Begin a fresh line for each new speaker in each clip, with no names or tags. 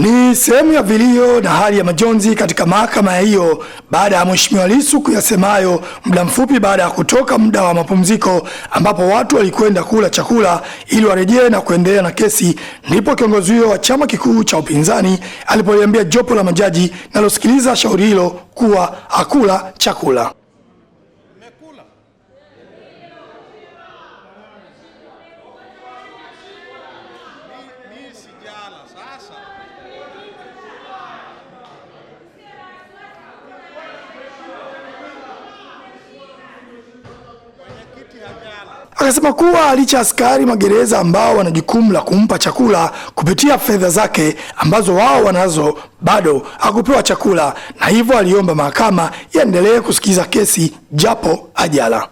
Ni sehemu ya vilio na hali ya majonzi katika mahakama hiyo baada ya Mheshimiwa Lissu kuyasemayo muda mfupi baada ya kutoka muda wa mapumziko, ambapo watu walikwenda kula chakula ili warejee na kuendelea na kesi. Ndipo kiongozi huyo wa chama kikuu cha upinzani alipoliambia jopo la majaji nalosikiliza shauri hilo kuwa hakula chakula. Akasema kuwa licha askari magereza ambao wana jukumu la kumpa chakula kupitia fedha zake ambazo wao wanazo, bado hakupewa chakula, na hivyo aliomba mahakama iendelee kusikiza kesi japo ajala.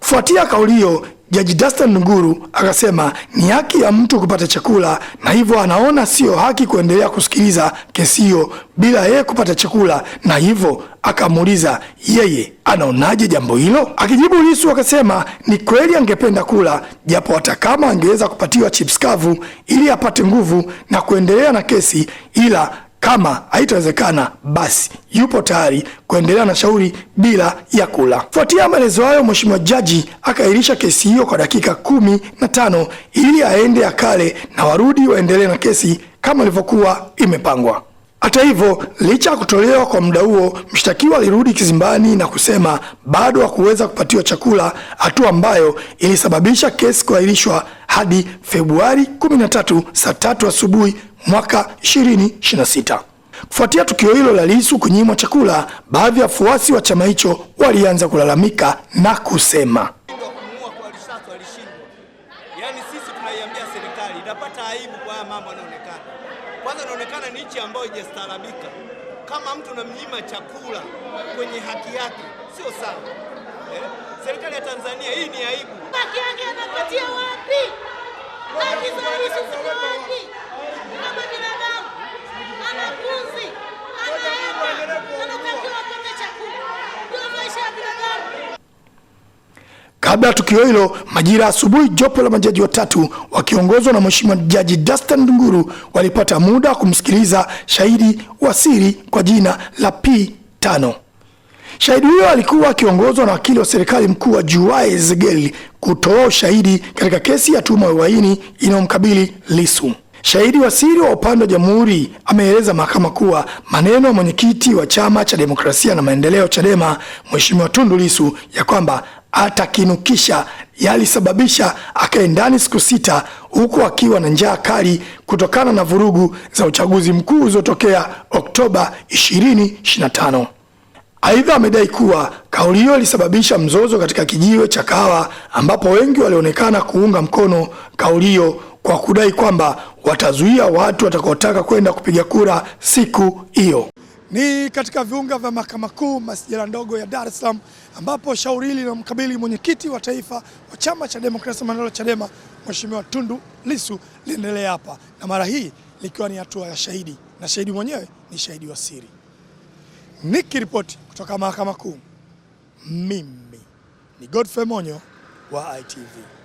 Kufuatia kauli hiyo, Jaji Dastan Nguru akasema ni haki ya mtu kupata chakula na hivyo anaona siyo haki kuendelea kusikiliza kesi hiyo bila yeye kupata chakula, na hivyo akamuuliza yeye anaonaje jambo hilo. Akijibu, lisu akasema ni kweli angependa kula, japo hata kama angeweza kupatiwa chips kavu ili apate nguvu na kuendelea na kesi, ila kama haitawezekana, basi yupo tayari kuendelea na shauri bila ya kula. Kufuatia maelezo hayo, mheshimiwa jaji akaahirisha kesi hiyo kwa dakika kumi na tano ili aende akale na warudi waendelee na kesi kama ilivyokuwa imepangwa. Hata hivyo, licha ya kutolewa kwa muda huo, mshtakiwa alirudi kizimbani na kusema bado hakuweza kupatiwa chakula, hatua ambayo ilisababisha kesi kuahirishwa hadi Februari 13 saa tatu asubuhi mwaka 2026. Kufuatia tukio hilo la Lissu kunyimwa chakula, baadhi ya wafuasi wa chama hicho walianza kulalamika na kusema kwa yaani Kama mtu chakula kwenye haki yake, sio sawa eh? Serikali ya Tanzania hii ni aibu. Haki yake anapatia wapi? Haki za Lissu Kabla tukio hilo, majira asubuhi, jopo la majaji watatu wakiongozwa na Mheshimiwa Jaji Dustin Nguru walipata muda wa kumsikiliza shahidi wa siri kwa jina la P5. Shahidi huyo alikuwa akiongozwa na wakili wa serikali mkuu wa Juai Zegeli kutoa ushahidi katika kesi ya tuma ya uhaini inayomkabili lisu Shahidi wa siri wa upande wa jamhuri ameeleza mahakama kuwa maneno ya mwenyekiti wa Chama cha Demokrasia na Maendeleo, Chadema, Mheshimiwa Tundu lisu ya kwamba atakinukisha yalisababisha akae ndani siku sita huku akiwa na njaa kali kutokana na vurugu za uchaguzi mkuu uliotokea Oktoba 2025. Aidha, amedai kuwa kauli hiyo ilisababisha mzozo katika kijiwe cha Kahawa ambapo wengi walionekana kuunga mkono kauli hiyo kwa kudai kwamba watazuia watu watakaotaka kwenda kupiga kura siku hiyo.
Ni katika viunga vya mahakama kuu masijala ndogo ya Dar es Salaam ambapo shauri hili linamkabili mwenyekiti wa taifa wa chama cha demokrasia maendeleo Chadema, Mheshimiwa Tundu Lissu liendelea hapa, na mara hii likiwa ni hatua ya shahidi na shahidi mwenyewe ni shahidi wa siri. Nikiripoti kutoka mahakama kuu, mimi ni Godfrey Monyo wa ITV.